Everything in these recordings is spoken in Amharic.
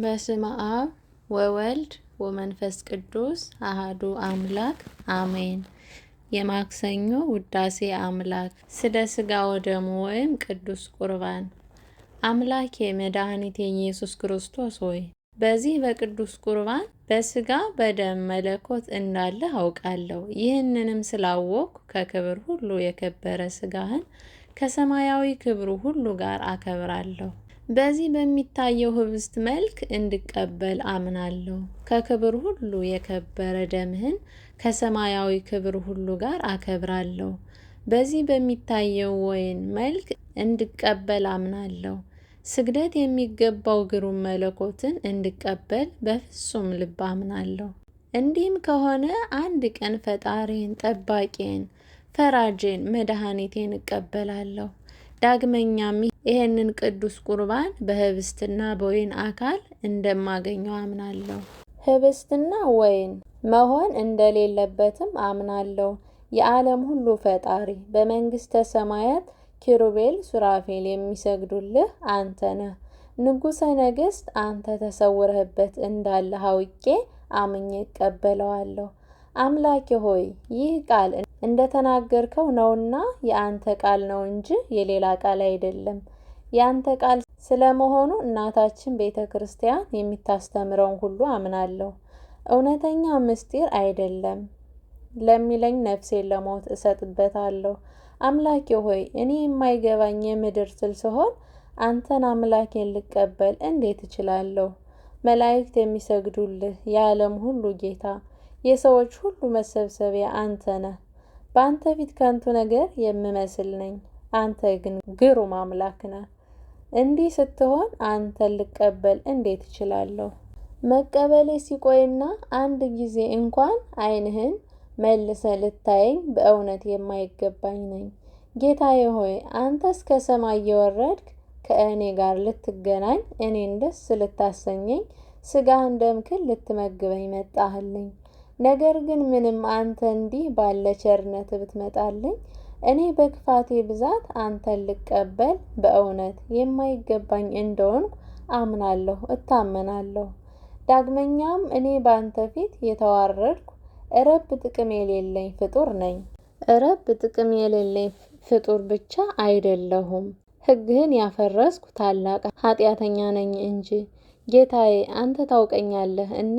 በስመ አብ ወወልድ ወመንፈስ ቅዱስ አህዱ አምላክ አሜን። የማክሰኞ ውዳሴ አምላክ ስለ ስጋ ወደሙ ወይም ቅዱስ ቁርባን። አምላኬ መድኃኒቴ ኢየሱስ ክርስቶስ ሆይ በዚህ በቅዱስ ቁርባን በስጋ በደም መለኮት እንዳለ አውቃለሁ። ይህንንም ስላወቅኩ ከክብር ሁሉ የከበረ ስጋህን ከሰማያዊ ክብሩ ሁሉ ጋር አከብራለሁ። በዚህ በሚታየው ህብስት መልክ እንድቀበል አምናለሁ። ከክብር ሁሉ የከበረ ደምህን ከሰማያዊ ክብር ሁሉ ጋር አከብራለሁ። በዚህ በሚታየው ወይን መልክ እንድቀበል አምናለሁ። ስግደት የሚገባው ግሩም መለኮትን እንድቀበል በፍጹም ልብ አምናለሁ። እንዲህም ከሆነ አንድ ቀን ፈጣሪን፣ ጠባቂን፣ ፈራጄን፣ መድኃኒቴን እቀበላለሁ። ዳግመኛም ይሄንን ቅዱስ ቁርባን በህብስትና በወይን አካል እንደማገኘው አምናለሁ። ህብስትና ወይን መሆን እንደሌለበትም አምናለሁ። የዓለም ሁሉ ፈጣሪ በመንግስተ ሰማያት ኪሩቤል፣ ሱራፌል የሚሰግዱልህ አንተ ነህ። ንጉሠ ነገሥት አንተ ተሰውረህበት እንዳለ አውቄ አምኜ እቀበለዋለሁ። አምላኬ ሆይ ይህ ቃል እንደተናገርከው ነውና የአንተ ቃል ነው እንጂ የሌላ ቃል አይደለም። የአንተ ቃል ስለመሆኑ እናታችን ቤተ ክርስቲያን የሚታስተምረውን ሁሉ አምናለሁ። እውነተኛ ምስጢር አይደለም ለሚለኝ ነፍሴን ለሞት እሰጥበታለሁ። አምላኬ ሆይ እኔ የማይገባኝ የምድር ስል ስሆን አንተን አምላኬን ልቀበል እንዴት እችላለሁ? መላእክት የሚሰግዱልህ የዓለም ሁሉ ጌታ፣ የሰዎች ሁሉ መሰብሰቢያ አንተ ነህ። በአንተ ፊት ከንቱ ነገር የምመስል ነኝ፣ አንተ ግን ግሩም አምላክ ነህ። እንዲህ ስትሆን አንተን ልቀበል እንዴት እችላለሁ? መቀበሌ ሲቆይና አንድ ጊዜ እንኳን ዓይንህን መልሰ ልታየኝ በእውነት የማይገባኝ ነኝ። ጌታዬ ሆይ አንተ እስከ ሰማይ እየወረድክ ከእኔ ጋር ልትገናኝ፣ እኔን ደስ ልታሰኘኝ፣ ስጋህን እንደምክል ልትመግበኝ መጣህልኝ። ነገር ግን ምንም አንተ እንዲህ ባለ ቸርነት ብትመጣልኝ እኔ በክፋቴ ብዛት አንተን ልቀበል በእውነት የማይገባኝ እንደሆንኩ አምናለሁ፣ እታመናለሁ። ዳግመኛም እኔ በአንተ ፊት የተዋረድኩ እረብ ጥቅም የሌለኝ ፍጡር ነኝ። እረብ ጥቅም የሌለኝ ፍጡር ብቻ አይደለሁም፣ ሕግህን ያፈረስኩ ታላቅ ኃጢአተኛ ነኝ እንጂ ጌታዬ አንተ ታውቀኛለህ እና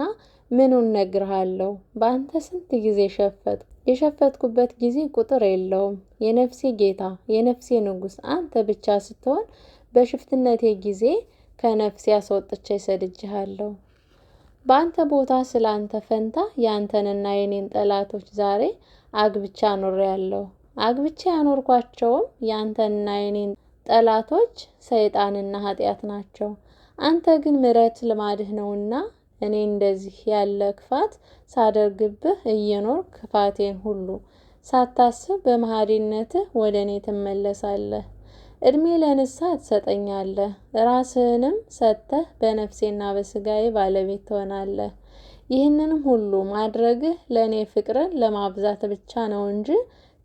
ምኑን ነግርሃለሁ? በአንተ ስንት ጊዜ ሸፈት የሸፈትኩበት ጊዜ ቁጥር የለውም። የነፍሴ ጌታ የነፍሴ ንጉስ አንተ ብቻ ስትሆን በሽፍትነቴ ጊዜ ከነፍሴ አስወጥቼ ሰድጅሃለሁ። በአንተ ቦታ ስለ አንተ ፈንታ የአንተንና የኔን ጠላቶች ዛሬ አግብቻ አኖሬያለሁ። አግብቻ ያኖርኳቸውም የአንተንና የኔን ጠላቶች ሰይጣንና ኃጢአት ናቸው። አንተ ግን ምረት ልማድህ ነውና እኔ እንደዚህ ያለ ክፋት ሳደርግብህ እየኖር ክፋቴን ሁሉ ሳታስብ በመሐሪነትህ ወደ እኔ ትመለሳለህ። እድሜ ለንስሐ ትሰጠኛለህ ራስህንም ሰጥተህ በነፍሴና በስጋዬ ባለቤት ትሆናለህ። ይህንንም ሁሉ ማድረግህ ለእኔ ፍቅርን ለማብዛት ብቻ ነው እንጂ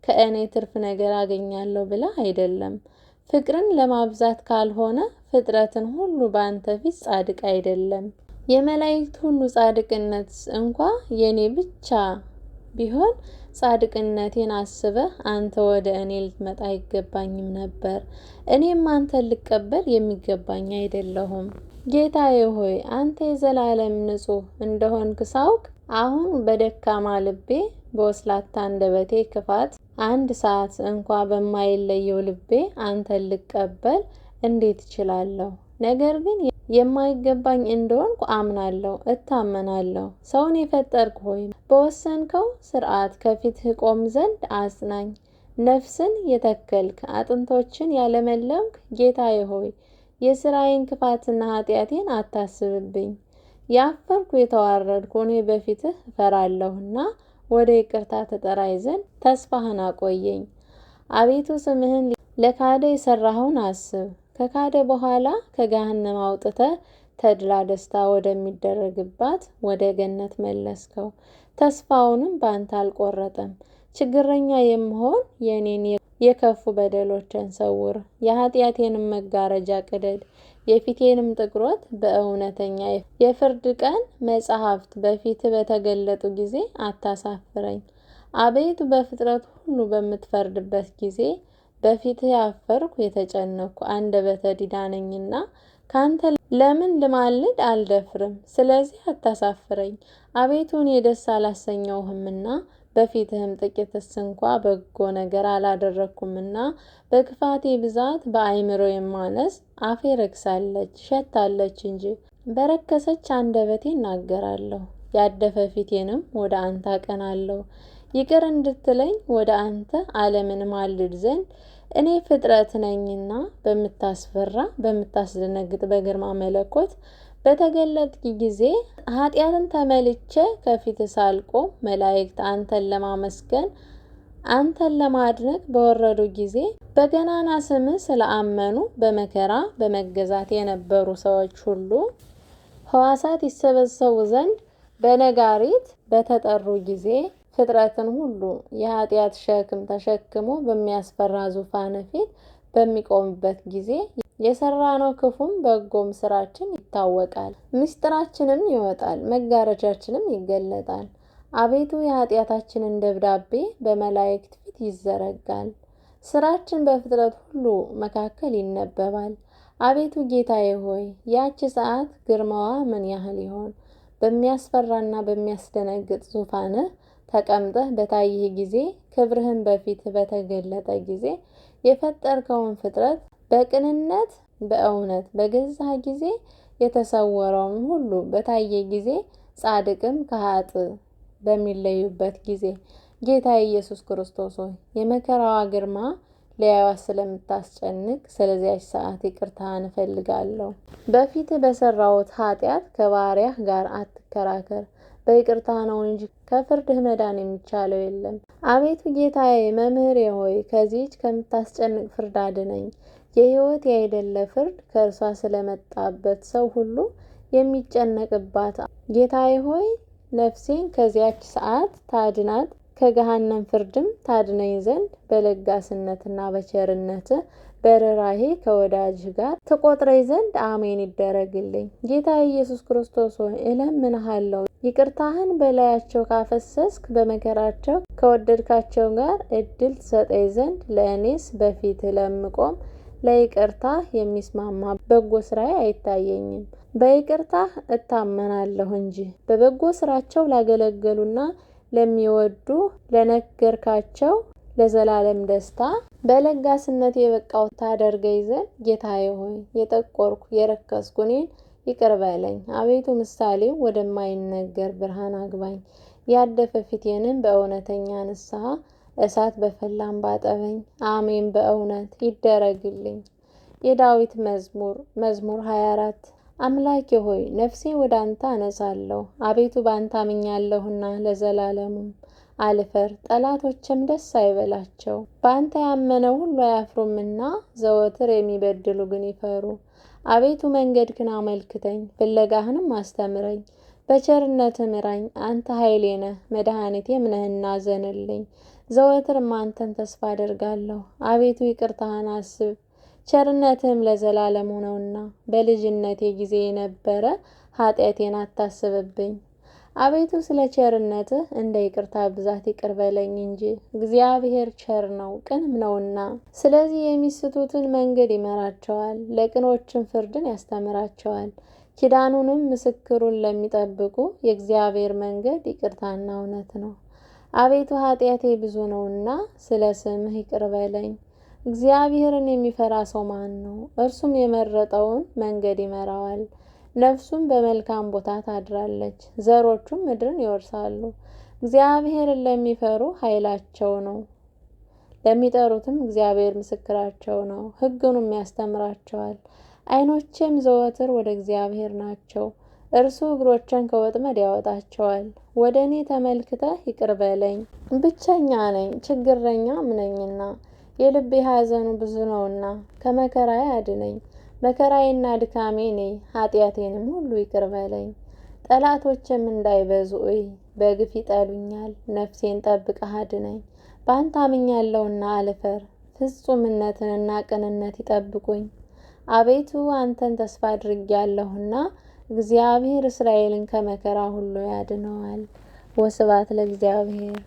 ከእኔ ትርፍ ነገር አገኛለሁ ብለህ አይደለም። ፍቅርን ለማብዛት ካልሆነ ፍጥረትን ሁሉ በአንተ ፊት ጻድቅ አይደለም የመላእክት ሁሉ ጻድቅነት እንኳ የኔ ብቻ ቢሆን ጻድቅነቴን አስበህ አንተ ወደ እኔ ልትመጣ አይገባኝም ነበር፣ እኔም አንተ ልቀበል የሚገባኝ አይደለሁም። ጌታዬ ሆይ አንተ የዘላለም ንጹሕ እንደሆንክ ሳውቅ አሁን በደካማ ልቤ በወስላታ አንደበቴ ክፋት አንድ ሰዓት እንኳ በማይለየው ልቤ አንተን ልቀበል እንዴት እችላለሁ? ነገር ግን የማይገባኝ እንደሆንኩ አምናለሁ እታመናለሁ። ሰውን የፈጠርክ ሆይ በወሰንከው ስርዓት ከፊትህ ቆም ዘንድ አጽናኝ። ነፍስን የተከልክ አጥንቶችን ያለመለምክ ጌታዬ ሆይ የስራዬን ክፋትና ኃጢአቴን አታስብብኝ። ያፈርኩ የተዋረድኩ እኔ በፊትህ እፈራለሁና ወደ ይቅርታ ተጠራይ ዘንድ ተስፋህን አቆየኝ። አቤቱ ስምህን ለካደ የሰራኸውን አስብ። ከካደ በኋላ ከገሃነም አውጥተ ተድላ ደስታ ወደሚደረግባት ወደ ገነት መለስከው። ተስፋውንም በአንተ አልቆረጠም። ችግረኛ የምሆን የእኔን የከፉ በደሎችን ሰውር፣ የኃጢአቴንም መጋረጃ ቅደድ፣ የፊቴንም ጥቁረት በእውነተኛ የፍርድ ቀን መጻሕፍት በፊት በተገለጡ ጊዜ አታሳፍረኝ። አቤቱ በፍጥረት ሁሉ በምትፈርድበት ጊዜ በፊት ያፈርኩ የተጨነኩ አንደበተ ዲዳ ነኝና ካንተ ለምን ልማልድ አልደፍርም። ስለዚህ አታሳፍረኝ አቤቱ፣ እኔ ደስ አላሰኘውህምና በፊትህም ጥቂትስ እንኳ በጎ ነገር አላደረግኩምና በክፋቴ ብዛት በአይምሮ የማነስ አፌ ረክሳለች ሸታለች እንጂ። በረከሰች አንደበቴ እናገራለሁ፣ ያደፈ ፊቴንም ወደ አንተ አቀናለሁ። ይቅር እንድትለኝ ወደ አንተ ዓለምን ማልድ ዘንድ እኔ ፍጥረት ነኝና በምታስፈራ በምታስደነግጥ በግርማ መለኮት በተገለጥ ጊዜ ኃጢአትን ተመልቼ ከፊት ሳልቆ መላእክት አንተን ለማመስገን አንተን ለማድነቅ በወረዱ ጊዜ በገናና ስም ስለአመኑ በመከራ በመገዛት የነበሩ ሰዎች ሁሉ ሕዋሳት ይሰበሰቡ ዘንድ በነጋሪት በተጠሩ ጊዜ ፍጥረትን ሁሉ የኃጢአት ሸክም ተሸክሞ በሚያስፈራ ዙፋን ፊት በሚቆምበት ጊዜ የሰራነው ክፉም በጎም ስራችን ይታወቃል፣ ምስጢራችንም ይወጣል፣ መጋረጃችንም ይገለጣል። አቤቱ የኃጢአታችንን ደብዳቤ በመላእክት ፊት ይዘረጋል፣ ስራችን በፍጥረት ሁሉ መካከል ይነበባል። አቤቱ ጌታዬ ሆይ ያቺ ሰዓት ግርማዋ ምን ያህል ይሆን? በሚያስፈራና በሚያስደነግጥ ዙፋንህ ተቀምጠህ በታየህ ጊዜ ክብርህን በፊት በተገለጠ ጊዜ የፈጠርከውን ፍጥረት በቅንነት በእውነት በገዛ ጊዜ የተሰወረውን ሁሉ በታየ ጊዜ ጻድቅም ከሀጥ በሚለዩበት ጊዜ ጌታ ኢየሱስ ክርስቶስ ሆይ የመከራዋ ግርማ ለያዋ ስለምታስጨንቅ ስለዚያች ሰዓት ይቅርታ እንፈልጋለሁ። በፊት በሰራሁት ኃጢአት ከባሪያህ ጋር አትከራከር። በይቅርታ ነው እንጂ ከፍርድህ መዳን የሚቻለው የለም። አቤቱ ጌታዬ መምህሬ ሆይ ከዚህች ከምታስጨንቅ ፍርድ አድነኝ። የሕይወት ያይደለ ፍርድ ከእርሷ ስለመጣበት ሰው ሁሉ የሚጨነቅባት ጌታዬ ሆይ ነፍሴን ከዚያች ሰዓት ታድናት፣ ከገሃነም ፍርድም ታድነኝ ዘንድ በለጋስነትና በቸርነት በረራሄ ከወዳጅህ ጋር ትቆጥረኝ ዘንድ አሜን ይደረግልኝ። ጌታ ኢየሱስ ክርስቶስ ሆይ እለምንሃለሁ፣ ይቅርታህን በላያቸው ካፈሰስክ በመከራቸው ከወደድካቸው ጋር እድል ትሰጠኝ ዘንድ ለእኔስ በፊት ለምቆም ለይቅርታ የሚስማማ በጎ ስራዬ አይታየኝም። በይቅርታ እታመናለሁ እንጂ በበጎ ስራቸው ላገለገሉና ለሚወዱ ለነገርካቸው ለዘላለም ደስታ በለጋስነት የበቃው ታደርገኝ ዘንድ ጌታዬ ሆይ የጠቆርኩ የረከስኩ እኔን ይቅር በለኝ። አቤቱ ምሳሌው ወደማይነገር ብርሃን አግባኝ። ያደፈ ፊቴንም በእውነተኛ ንስሐ እሳት በፈላም ባጠበኝ። አሜን በእውነት ይደረግልኝ። የዳዊት መዝሙር መዝሙር 24 አምላኬ ሆይ ነፍሴ ወደ አንተ አነሳለሁ። አቤቱ በአንተ አምኛለሁና ለዘላለሙም አልፈር ጠላቶችም ደስ አይበላቸው። በአንተ ያመነ ሁሉ አያፍሩምና ዘወትር የሚበድሉ ግን ይፈሩ። አቤቱ መንገድህን አመልክተኝ፣ ፍለጋህንም አስተምረኝ። በቸርነት ምራኝ፣ አንተ ኃይሌ ነህ፣ መድኃኒቴም ነህና ዘንልኝ። ዘወትርም አንተን ተስፋ አደርጋለሁ። አቤቱ ይቅርታህን አስብ፣ ቸርነትህም ለዘላለሙ ነውና። በልጅነቴ ጊዜ የነበረ ኃጢአቴን አታስብብኝ። አቤቱ ስለ ቸርነትህ እንደ ይቅርታ ብዛት ይቅር በለኝ እንጂ እግዚአብሔር ቸር ነው ቅንም ነውና። ስለዚህ የሚስቱትን መንገድ ይመራቸዋል፣ ለቅኖችን ፍርድን ያስተምራቸዋል። ኪዳኑንም ምስክሩን ለሚጠብቁ የእግዚአብሔር መንገድ ይቅርታና እውነት ነው። አቤቱ ኃጢአቴ ብዙ ነውና ስለ ስምህ ይቅር በለኝ። እግዚአብሔርን የሚፈራ ሰው ማን ነው? እርሱም የመረጠውን መንገድ ይመራዋል። ነፍሱም በመልካም ቦታ ታድራለች፣ ዘሮቹም ምድርን ይወርሳሉ። እግዚአብሔርን ለሚፈሩ ኃይላቸው ነው፣ ለሚጠሩትም እግዚአብሔር ምስክራቸው ነው፣ ሕጉንም ያስተምራቸዋል። ዓይኖቼም ዘወትር ወደ እግዚአብሔር ናቸው፣ እርሱ እግሮቼን ከወጥመድ ያወጣቸዋል። ወደ እኔ ተመልክተህ ይቅር በለኝ፣ ብቸኛ ነኝ ችግረኛም ነኝና፣ የልቤ ሐዘኑ ብዙ ነውና፣ ከመከራዬ አድነኝ። መከራዬና ድካሜ ነይ፣ ኃጢአቴንም ሁሉ ይቅር በለኝ። ጠላቶችም እንዳይበዙ እይ፣ በግፍ ይጠሉኛል። ነፍሴን ጠብቀህ አድነኝ። በአንተ አምኛለሁና አልፈር፣ ፍጹምነትንና ቅንነት ይጠብቁኝ። አቤቱ አንተን ተስፋ አድርጌያለሁና እግዚአብሔር እስራኤልን ከመከራ ሁሉ ያድነዋል። ወስብሐት ለእግዚአብሔር።